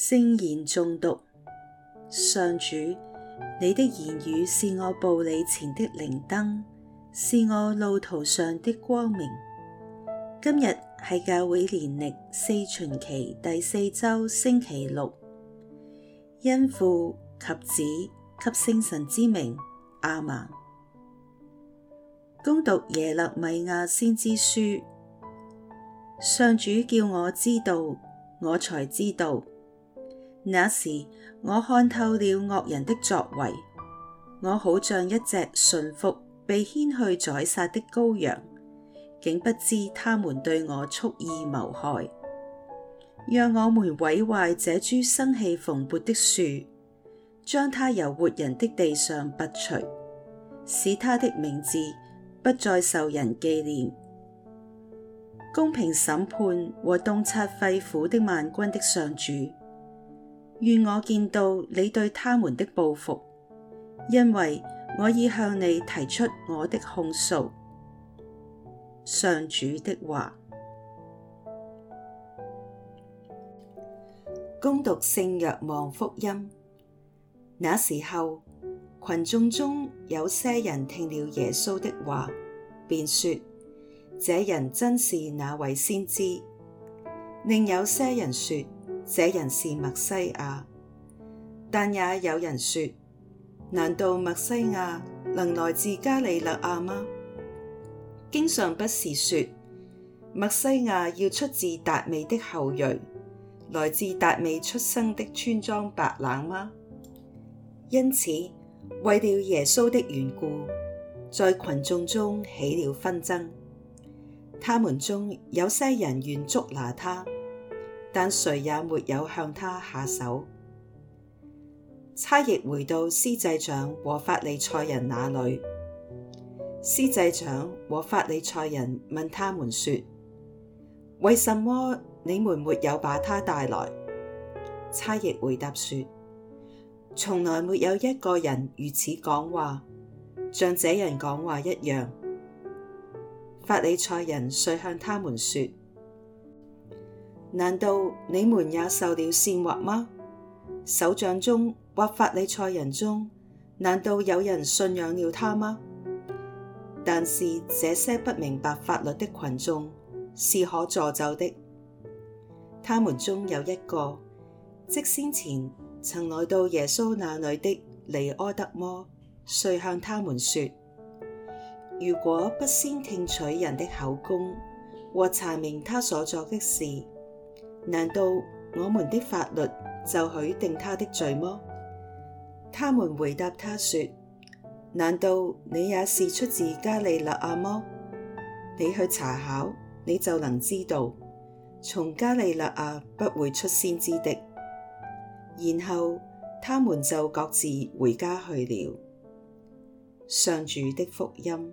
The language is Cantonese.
聖言誦讀，上主，你的言語是我步履前的靈燈，是我路途上的光明。今日係教會年曆四旬期第四周星期六，因父及子及聖神之名，亞孟。恭讀耶肋米亞先知書，上主叫我知道，我才知道。那時我看透了惡人的作為，我好像一隻馴服被牽去宰殺的羔羊，竟不知他們對我蓄意謀害。讓我們毀壞這株生氣蓬勃的樹，將他由活人的地上拔除，使他的名字不再受人紀念。公平審判和洞察肺腑的萬軍的上主。願我見到你對他們的報復，因為我已向你提出我的控訴。上主的話。恭讀聖若望福音。那時候，群眾中有些人聽了耶穌的話，便說：這人真是那位先知。另有些人說。這人是默西亞，但也有人說：難道默西亞能來自加里肋亞嗎？經上不是說默西亞要出自達味的後裔，來自達味出生的村莊白冷嗎？因此，為了耶穌的緣故，在群眾中起了紛爭，他們中有些人願捉拿他。但誰也沒有向他下手。差役回到司祭長和法利塞人那裏，司祭長和法利塞人問他們說：為什麼你們沒有把他帶來？差役回答說：從來沒有一個人如此講話，像這人講話一樣。法利塞人遂向他們說：難道你們也受了煽惑嗎？首長中或法利塞人中，難道有人信仰了他嗎？但是這些不明白法律的群眾，是可詛咒的。他們中有一個，即先前曾來到耶穌那裏的尼苛德摩，遂向他們說：如果不先聽取人的口供或查明他所作的事，難道我們的法律就許定他的罪麼？他們回答他說：難道你也是出自加里肋亞麼？你去查考，你就能知道，從加里肋亞不會出先知的。然後他們就各自回家去了。上主的福音。